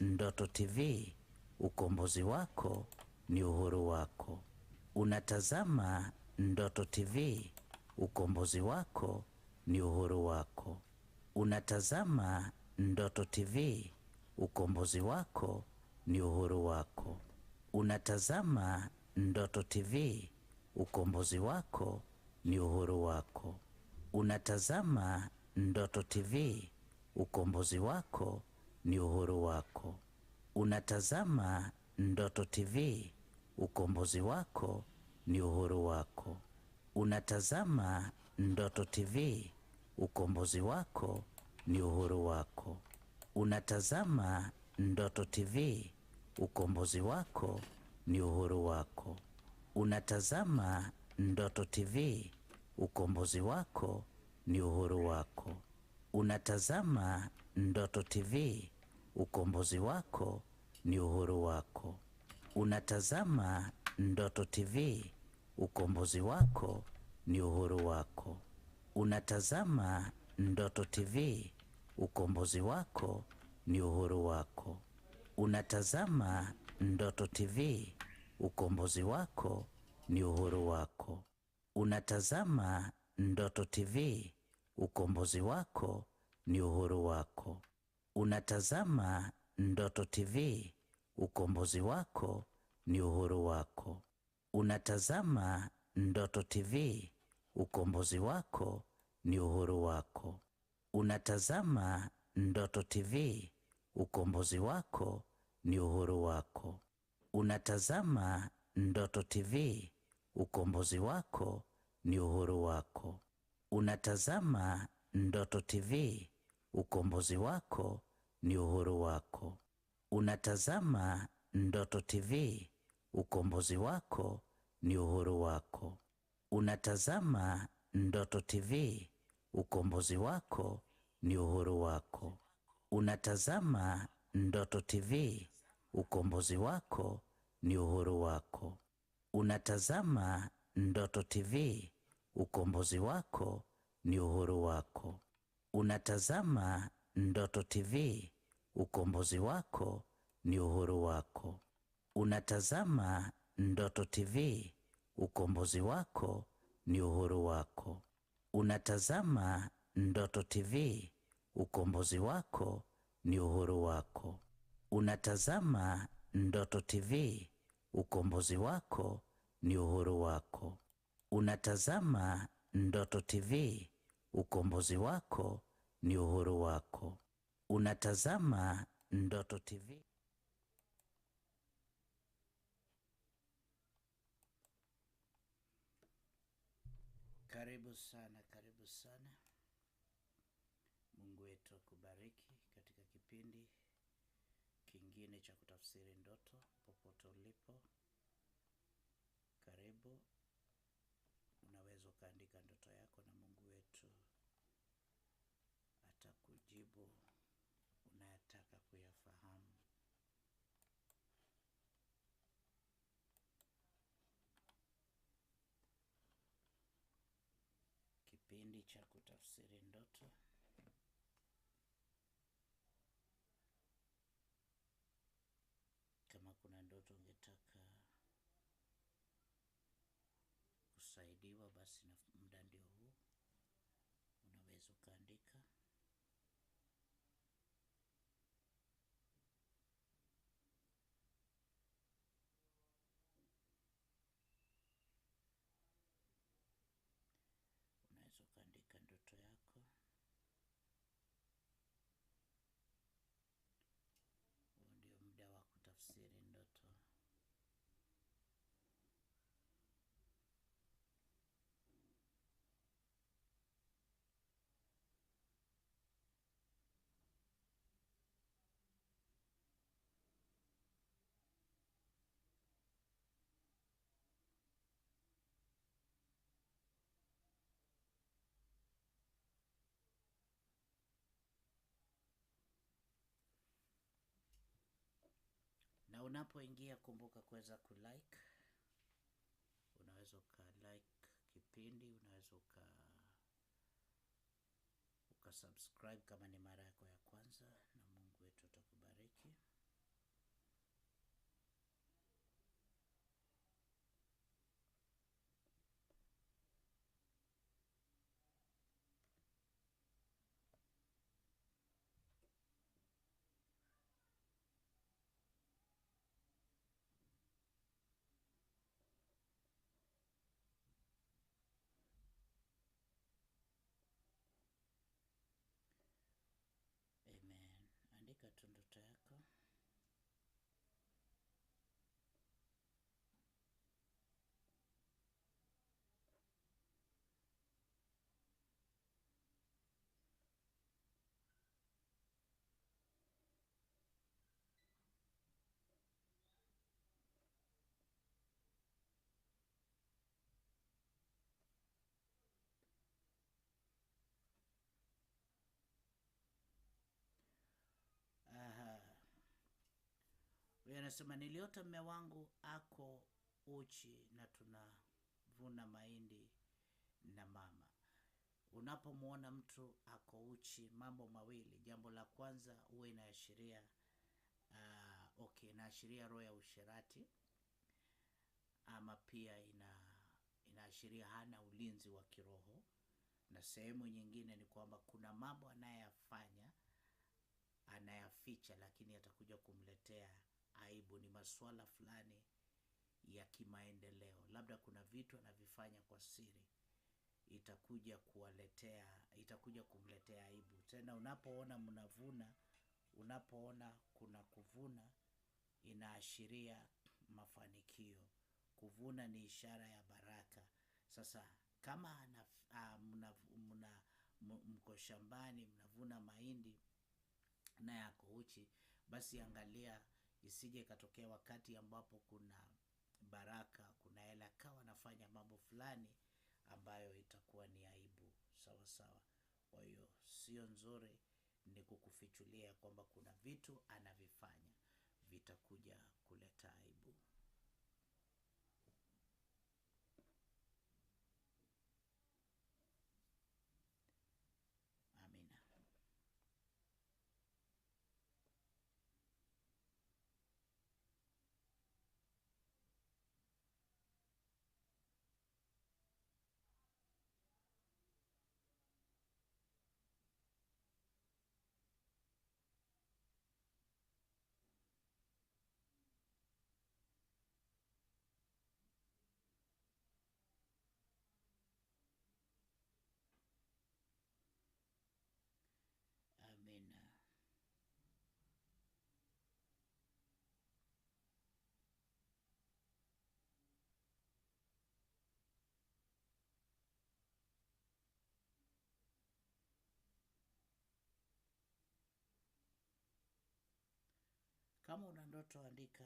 Ndoto TV, ukombozi wako ni uhuru wako. Unatazama Ndoto TV, ukombozi wako ni uhuru wako. Unatazama Ndoto TV, ukombozi wako ni uhuru wako. Unatazama Ndoto TV, ukombozi wako ni uhuru wako. Unatazama Ndoto TV, ukombozi wako ni uhuru wako. Unatazama Ndoto TV, ukombozi wako ni uhuru wako. Unatazama Ndoto TV, ukombozi wako ni uhuru wako. Unatazama Ndoto TV, ukombozi wako ni uhuru wako. Unatazama Ndoto TV, ukombozi wako ni uhuru wako. Unatazama Ndoto TV, Ukombozi wako ni uhuru wako. Unatazama Ndoto TV. Ukombozi wako ni uhuru wako. Unatazama Ndoto TV. Ukombozi wako ni uhuru wako. Unatazama Ndoto TV. Ukombozi wako ni uhuru wako. Unatazama Ndoto TV. Ukombozi wako ni uhuru wako. Unatazama Ndoto TV, ukombozi wako ni uhuru wako. Unatazama Ndoto TV, ukombozi wako ni uhuru wako. Unatazama Ndoto TV, ukombozi wako ni uhuru wako. Unatazama Ndoto TV, ukombozi wako ni uhuru wako. Unatazama Ndoto TV, ukombozi wako ni uhuru wako. Unatazama Ndoto TV, ukombozi wako ni uhuru wako. Unatazama Ndoto TV, ukombozi wako ni uhuru wako. Unatazama Ndoto TV, ukombozi wako ni uhuru wako. Unatazama Ndoto TV, ukombozi wako ni uhuru wako. Unatazama Ndoto TV, ukombozi wako ni uhuru wako. Unatazama Ndoto TV, ukombozi wako ni uhuru wako. Unatazama Ndoto TV, ukombozi wako ni uhuru wako. Unatazama Ndoto TV, ukombozi wako ni uhuru wako. Unatazama Ndoto TV, ukombozi wako ni uhuru wako. Unatazama Ndoto TV. Karibu sana, karibu sana. Mungu wetu akubariki katika kipindi kingine cha kutafsiri ndoto, popote ulipo Kipindi cha kutafsiri ndoto. Kama kuna ndoto ungetaka kusaidiwa, basi unapoingia kumbuka kuweza kulike. Unaweza ukalike kipindi, unaweza uka ukasubscribe kama ni mara yako ya kwanza. anasema niliota mme wangu ako uchi na tunavuna mahindi na mama. Unapomwona mtu ako uchi, mambo mawili. Jambo la kwanza huwa inaashiria uh, okay, inaashiria roho ya usherati ama pia ina inaashiria hana ulinzi wa kiroho, na sehemu nyingine ni kwamba kuna mambo anayafanya anayaficha, lakini atakuja kumletea aibu, ni masuala fulani ya kimaendeleo, labda kuna vitu anavifanya kwa siri, itakuja kuwaletea, itakuja kumletea aibu. Tena unapoona mnavuna, unapoona kuna kuvuna, inaashiria mafanikio. Kuvuna ni ishara ya baraka. Sasa kama ana, a, mna, mna, mko shambani mnavuna mahindi na yako uchi, basi angalia isije ikatokea wakati ambapo kuna baraka, kuna hela, akawa anafanya mambo fulani ambayo itakuwa ni aibu sawa sawa. Kwa hiyo sio nzuri, ni kukufichulia kwamba kuna vitu anavifanya vitakuja kuleta aibu. kama una ndoto andika.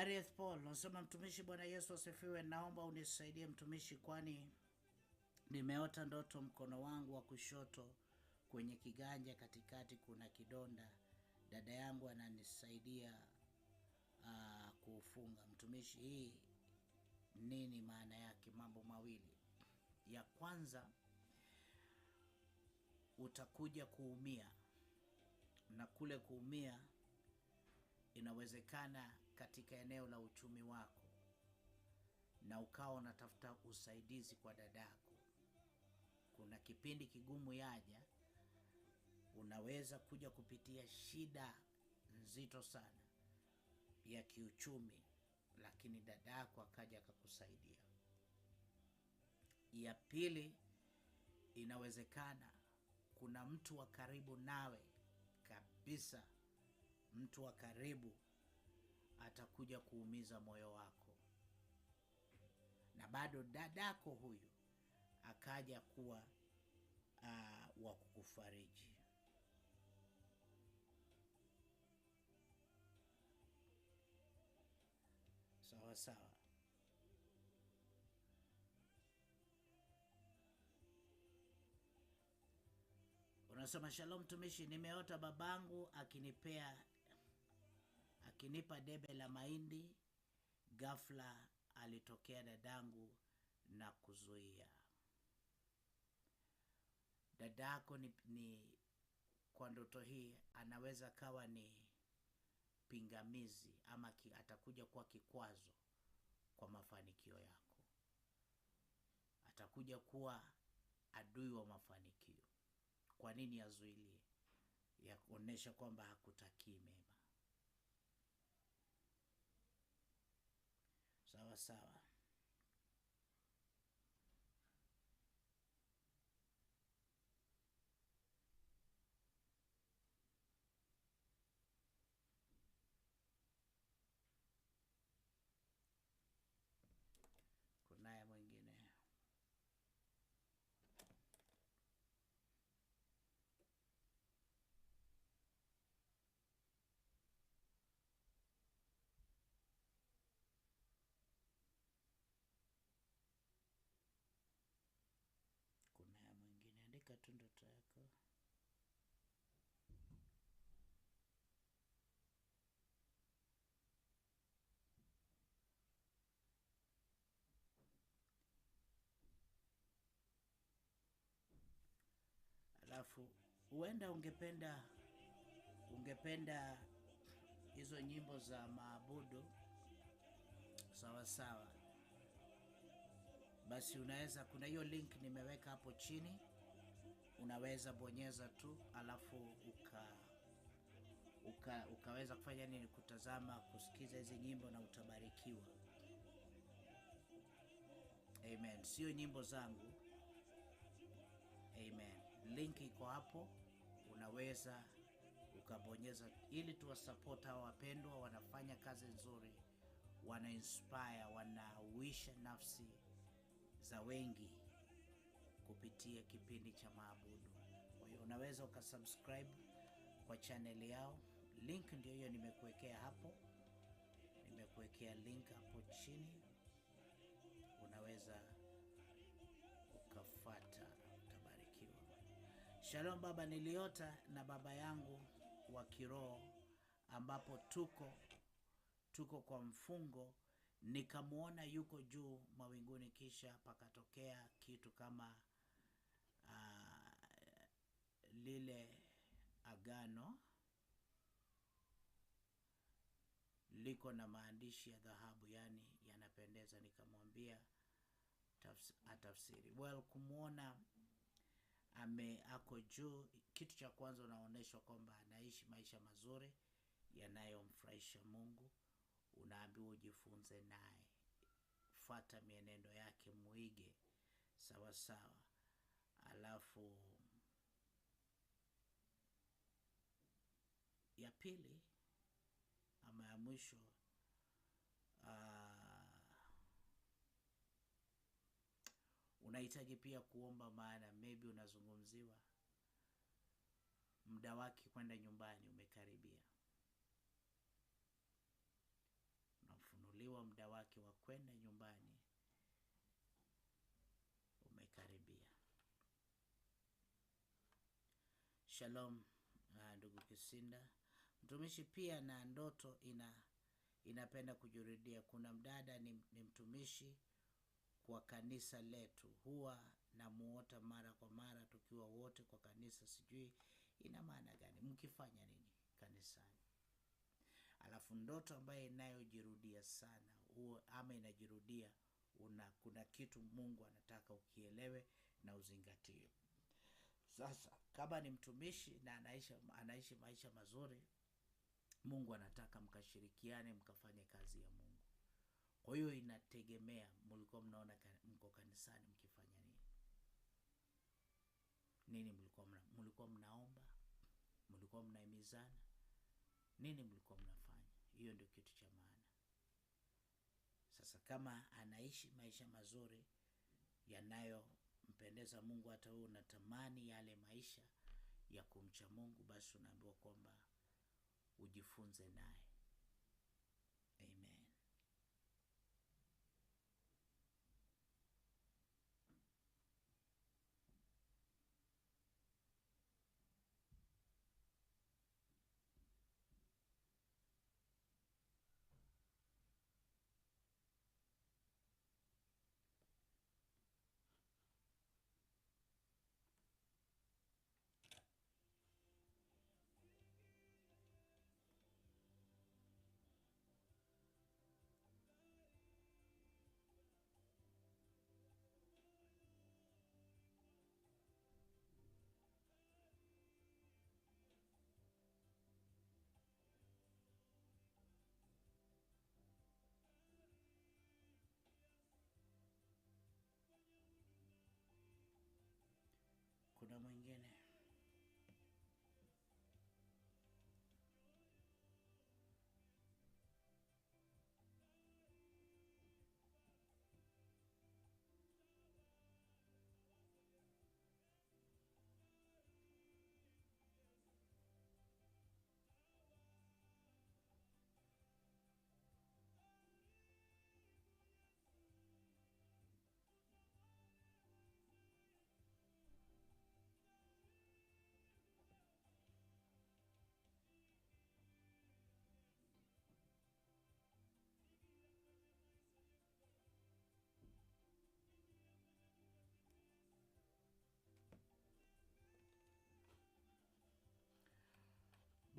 Arieth Paul nasema, mtumishi, Bwana Yesu asifiwe. Naomba unisaidie mtumishi, kwani nimeota ndoto, mkono wangu wa kushoto kwenye kiganja katikati kuna kidonda. Dada yangu ananisaidia uh, kuufunga. Mtumishi, hii nini maana yake? Mambo mawili, ya kwanza utakuja kuumia na kule kuumia inawezekana katika eneo la uchumi wako na ukawa unatafuta usaidizi kwa dadako, kuna kipindi kigumu yaja, unaweza kuja kupitia shida nzito sana ya kiuchumi, lakini dadako akaja akakusaidia. Ya pili, inawezekana kuna mtu wa karibu nawe kabisa, mtu wa karibu atakuja kuumiza moyo wako. Na bado dadako huyu akaja kuwa uh, wa kukufariji. Sawa sawa. Unasema, shalom mtumishi, nimeota babangu akinipea Akinipa debe la mahindi, ghafla alitokea dadangu na kuzuia. Dadako ni, ni kwa ndoto hii anaweza kawa ni pingamizi ama ki, atakuja kuwa kikwazo kwa mafanikio yako, atakuja kuwa adui wa mafanikio. Kwa nini azuilie? Ya kuonyesha kwamba hakutakii mema. pasaba. alafu huenda ungependa ungependa hizo nyimbo za maabudu sawa sawa, basi unaweza, kuna hiyo link nimeweka hapo chini, unaweza bonyeza tu, alafu uka, uka ukaweza kufanya nini, kutazama, kusikiza hizi nyimbo na utabarikiwa. Amen, sio nyimbo zangu. Amen link iko hapo, unaweza ukabonyeza ili tuwasapoti hawa wapendwa. Wanafanya kazi nzuri, wana inspire, wanauisha nafsi za wengi kupitia kipindi cha maabudu. Kwa hiyo unaweza ukasubscribe kwa chaneli yao, link ndio hiyo nimekuwekea hapo, nimekuwekea link hapo chini unaweza Shalom baba niliota na baba yangu wa kiroho ambapo tuko tuko kwa mfungo, nikamwona yuko juu mawinguni, kisha pakatokea kitu kama uh, lile agano liko na maandishi ya dhahabu, yaani yanapendeza. Nikamwambia atafsiri. Well, kumwona ame ako juu. Kitu cha kwanza unaonyeshwa kwamba anaishi maisha mazuri yanayomfurahisha Mungu. Unaambiwa ujifunze naye, fuata mienendo yake, mwige sawa sawa. Alafu ya pili ama ya mwisho Unahitaji pia kuomba, maana maybe unazungumziwa, muda wake kwenda nyumbani umekaribia, unafunuliwa, muda wake wa kwenda nyumbani umekaribia. Shalom ah, ndugu Kisinda, mtumishi pia na ndoto ina inapenda kujirudia. Kuna mdada ni, ni mtumishi wa kanisa letu. Huwa namuota mara kwa mara tukiwa wote kwa kanisa. Sijui ina maana gani, mkifanya nini kanisani? Alafu ndoto ambayo inayojirudia sana huo, ama inajirudia una, kuna kitu Mungu anataka ukielewe na uzingatie. Sasa kama ni mtumishi na anaishi, anaishi maisha mazuri, Mungu anataka mkashirikiane mkafanye kazi ya Mungu. Kwa hiyo inategemea mlikuwa mnaona mko kanisani mkifanya nini, nini mlikuwa mna, mlikuwa mnaomba, mlikuwa mnaimizana nini mlikuwa mnafanya. Hiyo ndio kitu cha maana. Sasa kama anaishi maisha mazuri yanayompendeza Mungu, hata wewe unatamani yale maisha ya kumcha Mungu, basi unaambiwa kwamba ujifunze naye.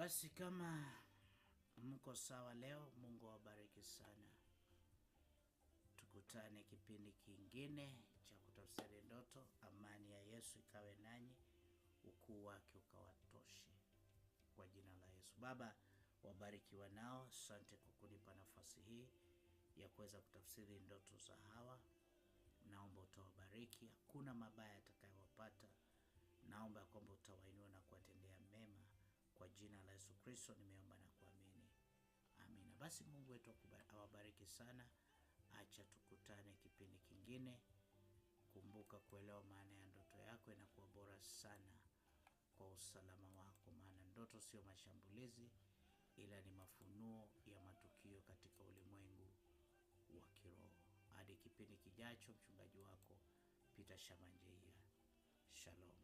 Basi kama mko sawa leo, Mungu awabariki sana. Tukutane kipindi kingine cha kutafsiri ndoto. Amani ya Yesu ikawe nanyi, ukuu wake ukawatoshe, kwa jina la Yesu. Baba, wabariki wanao, asante kwa kunipa nafasi hii ya kuweza kutafsiri ndoto za hawa. Naomba utawabariki, hakuna mabaya atakayowapata. Naomba ya kwamba utawainua na kuwatendea mema kwa jina la Yesu Kristo nimeomba na kuamini, amina. Basi Mungu wetu awabariki sana. Acha tukutane kipindi kingine. Kumbuka kuelewa maana ya ndoto yako inakuwa bora sana kwa usalama wako, maana ndoto sio mashambulizi, ila ni mafunuo ya matukio katika ulimwengu wa kiroho. Hadi kipindi kijacho, mchungaji wako Peter Shamanjia. Shalom.